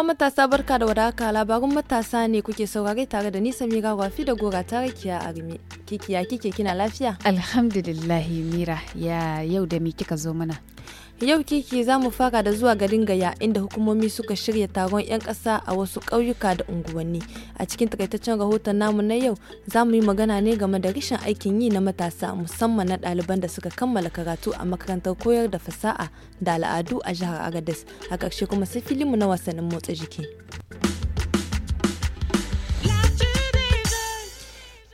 kuma matasa barka da wadaka labarun matasa ne kuke saurare tare da nisa miga fi da gora tare a arme. kiki ya kike kina lafiya? Alhamdulillahi Mira ya yau da mi kika zo mana. Yau kiki za mu fara da zuwa garin Gaya inda hukumomi suka shirya taron 'yan ƙasa a wasu ƙauyuka da unguwanni. A cikin takaitaccen rahoton namu na yau za mu yi magana ne game da rashin aikin yi na matasa musamman na ɗaliban da suka kammala karatu a makarantar koyar da fasa'a da al'adu a jihar Agadez. A ƙarshe kuma sai filinmu na wasannin motsa jiki.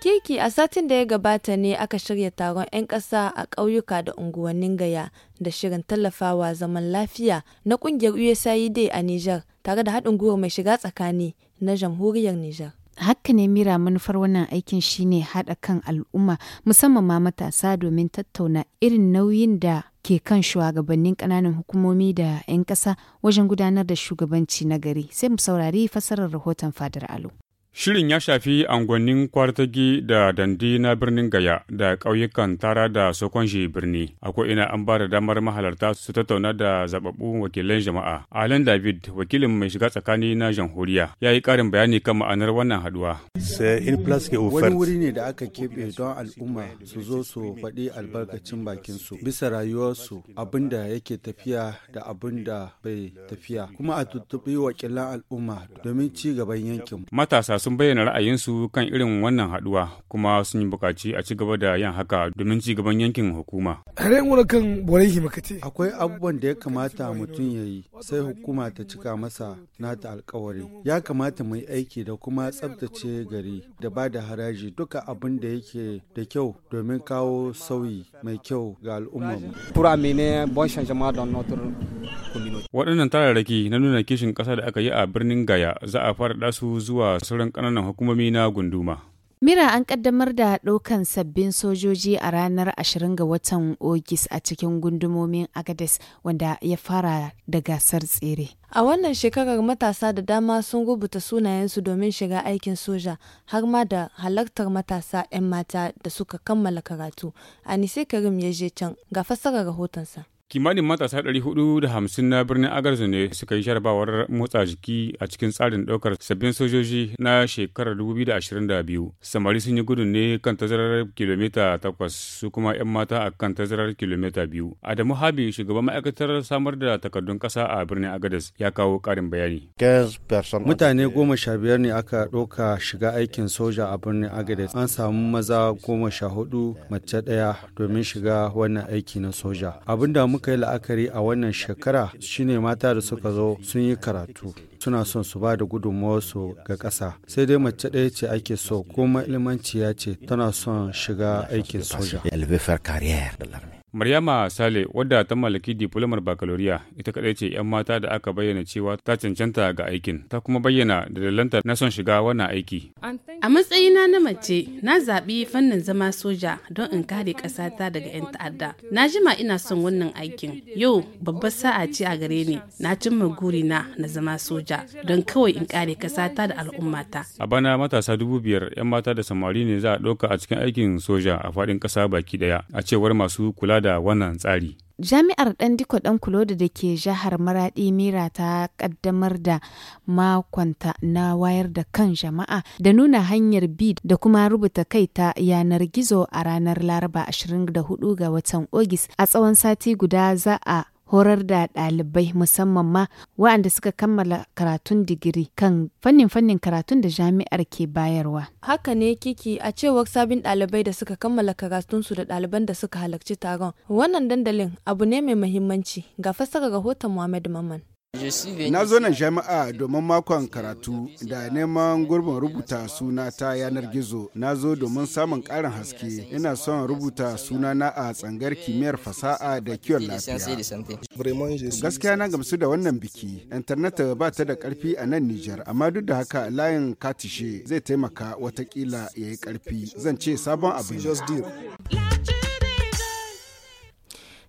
Kiki a satin da ya gabata ne aka shirya taron 'yan ƙasa a ƙauyuka da unguwannin gaya da shirin tallafawa zaman lafiya na ƙungiyar USAID a Nijar tare da haɗin gwiwar mai shiga tsakani na jamhuriyar Nijar. Haka ne mira manufar wannan aikin shine haɗa kan al'umma musamman ma matasa domin tattauna irin nauyin da ke kan shugabannin ƙananan hukumomi da 'yan ƙasa wajen gudanar da shugabanci na gari sai mu saurari fasarar rahoton fadar alo. Shirin ya shafi angonin kwartagi da dandi na birnin Gaya da ƙauyukan tara da Sokonshi birni. Akwai ina an ba da damar mahalarta su tattauna da zaɓaɓɓu wakilan jama'a. Alan David, wakilin mai shiga tsakani na jamhuriya, ya yi ƙarin bayani kan ma'anar wannan haɗuwa Wani wuri ne da aka keɓe don al'umma su zo su faɗi albarkacin bakin su bisa rayuwarsu abin da yake tafiya da abin da bai tafiya kuma a tuttuɓi wakilan al'umma domin ci gaban yankin. Matasa sun bayyana ra'ayinsu kan irin wannan haduwa kuma sun yi bukaci a ci gaba da yan haka domin ci gaban yankin hukuma. kan Akwai abubuwan da ya kamata mutum ya yi sai hukuma ta cika masa nata alkawari. Ya kamata mai aiki da kuma tsabtace gari da ba da haraji duka abin da yake da kyau domin kawo sauyi mai kyau ga al'ummar mu. Waɗannan tararraki na nuna kishin ƙasa da aka yi a birnin Gaya za a fara su zuwa sauran ƙananan hukumomi na gunduma. Mira an ƙaddamar da ɗaukan sabbin sojoji a ranar 20 ga watan Ogis a cikin gundumomin Agades wanda ya fara da gasar tsere. A wannan shekarar matasa da dama sun rubuta sunayensu domin shiga aikin soja har ma da halartar matasa 'yan mata da suka kammala karatu. Anise Karim ya je can ga fassarar rahotonsa. kimanin matasa ɗari 450 na birnin agarzu ne suka yi sharbawar motsa jiki a cikin tsarin ɗaukar sabbin sojoji na shekarar 2022 samari sun yi gudun ne kan tazarar kilomita 8 su kuma 'yan mata a kan tazarar kilomita 2 adamu habi shugaban ma'aikatar samar da takardun ƙasa a birnin agadas ya kawo ƙarin bayani mutane goma sha biyar ne aka ɗauka shiga aikin soja a birnin agadas an samu maza goma sha hudu mace ɗaya domin shiga wannan aiki na soja abinda muka yi la'akari a wannan shekara shine mata da suka zo sun yi karatu suna son su ba da gudunmawarsu ga ƙasa sai dai mace ɗaya ce ake so kuma ilmanciya ce tana son shiga aikin soja Maryama Sale wadda ta mallaki diplomar bakaloriya ita kadai ce 'yan mata da aka bayyana cewa ta cancanta ga aikin ta kuma bayyana da dalilanta na son shiga wannan aiki. A matsayina na mace na zaɓi fannin zama soja don in kare ƙasata daga 'yan ta'adda. Na jima ina son wannan aikin yau babbar sa'a ce a gare ni na cimma gurina na zama soja don kawai in kare ƙasata da al'ummata. A bana matasa dubu biyar 'yan mata da samari ne za a ɗauka a cikin aikin soja a faɗin ƙasa baki ɗaya a cewar masu kula da da wannan tsari. Jami'ar ɗan diko ɗan kuloda da ke jihar Maraɗi Mira ta ƙaddamar da makonta na wayar da kan jama'a da nuna hanyar bi da kuma rubuta kai ta yanar gizo a ranar Laraba 24 ga watan Ogis a tsawon sati guda za a horar da ɗalibai musamman ma waɗanda suka kammala karatun digiri kan fannin fannin karatun da jami'ar ke bayarwa. Haka ne kiki a cewar sabin ɗalibai da suka kammala karatunsu da ɗaliban da suka halarci taron. Wannan dandalin abu ne mai muhimmanci ga fassara rahoton Muhammad Maman. Na zo nan jami'a domin makon karatu da neman gurbin rubuta suna ta yanar gizo. Na zo domin samun karin haske. Ina son rubuta suna na a tsangar kimiyyar fasa'a da kiwon lafiya. Gaskiya na gamsu da wannan biki. Intanet ba ta da ƙarfi a nan Nijar, amma duk da haka layin katishe zai taimaka watakila ya yi ƙarfi. Zan ce sabon abu.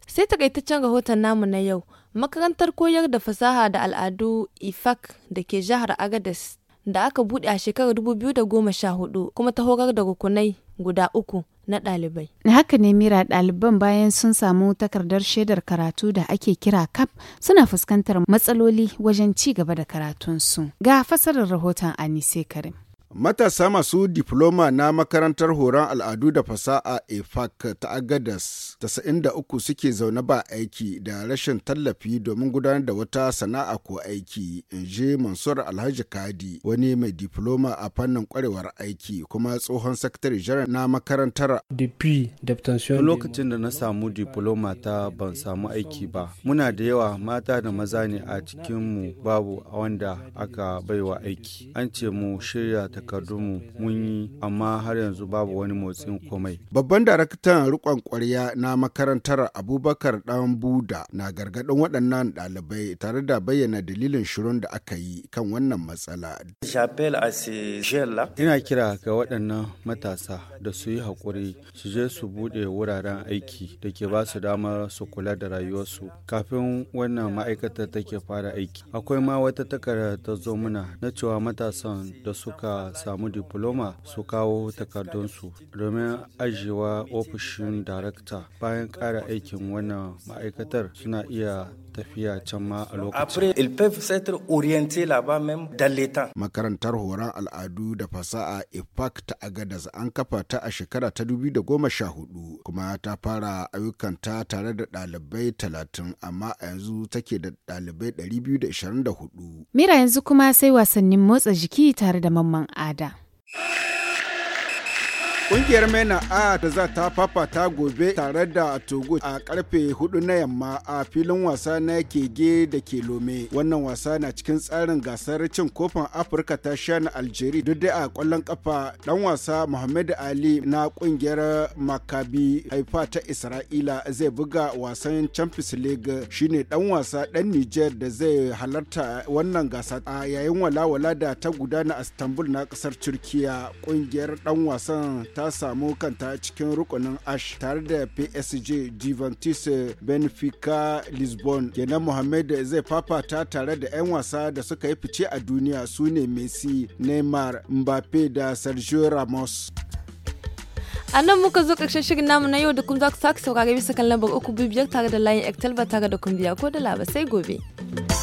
Sai ta takaitaccen rahoton namu na yau. Makarantar koyar da fasaha da al'adu IFAK da ke jihar Agadez da aka buɗe a shekarar 2014 kuma ta horar da rukunai guda uku na ɗalibai. Haka ne mira ɗaliban bayan sun samu takardar shaidar karatu da ake kira CAP suna fuskantar matsaloli wajen ci gaba da karatunsu. Ga fasarar rahoton Anise Karim. Matasa masu difloma na makarantar horon al'adu da fasaha efak ta Agadas 93 suke zaune ba aiki da rashin tallafi domin gudanar da wata sana'a ko aiki, in je Mansur Alhaji Kadi wani mai difloma a fannin kwarewar aiki kuma tsohon sakatare jiran na makarantar. Lokacin da na samu difloma ta ban samu aiki ba, muna da yawa mata da maza ne a cikinmu babu wanda aka baiwa aiki. An ce mu shirya takardunmu mun yi amma har yanzu babu wani motsin komai. Babban daraktan rikon kwarya na makarantar Abubakar Dan Buda na gargadin waɗannan ɗalibai tare da bayyana dalilin shirin da aka yi kan wannan matsala. Ina kira ga waɗannan matasa da su yi haƙuri su je su buɗe wuraren aiki da ke ba su damar su kula da rayuwarsu kafin wannan ma'aikatar take fara aiki. Akwai ma wata takarda ta zo muna na cewa matasan da suka samu diploma su kawo takardunsu domin ajiyewa ofishin darakta bayan kara aikin wannan ma'aikatar suna iya tafiya can ma a lokacin. Makarantar horon al'adu da fasaha IFAC ta Agadas an kafa ta a shekara ta sha 2014 kuma ta fara ayyukanta tare da ɗalibai talatin amma a yanzu take da ɗalibai 224. Mira yanzu kuma sai wasannin motsa jiki tare da mamman ada. Ƙungiyar MENA A da za ta fafata gobe tare da Togo a karfe hudu na yamma a filin wasa na Kege da ke Lome. Wannan wasa na cikin tsarin gasar cin kofin Afirka ta sha na Algeria duk da a kwallon kafa ɗan wasa Muhammad Ali na ƙungiyar makabi haifa ta Isra'ila zai buga wasan Champions League shine ɗan wasa ɗan Niger da zai halarta wannan gasa a yayin wala-wala da ta gudana a Istanbul na ƙasar Turkiya. Ƙungiyar ɗan wasan ta samu kanta cikin rukunin ash tare da psg juventus benfica lisbon kenan mohamed zai fafata tare da 'yan wasa da suka yi fice a duniya su ne messi neymar mbappe da sergio ramos a nan muka zo ƙarshen shirin namu na yau da kuma za ku sake saurare bisa kan lambar uku biyu biyar tare da layin ectel ba tare da kumbiya ko da laba sai gobe.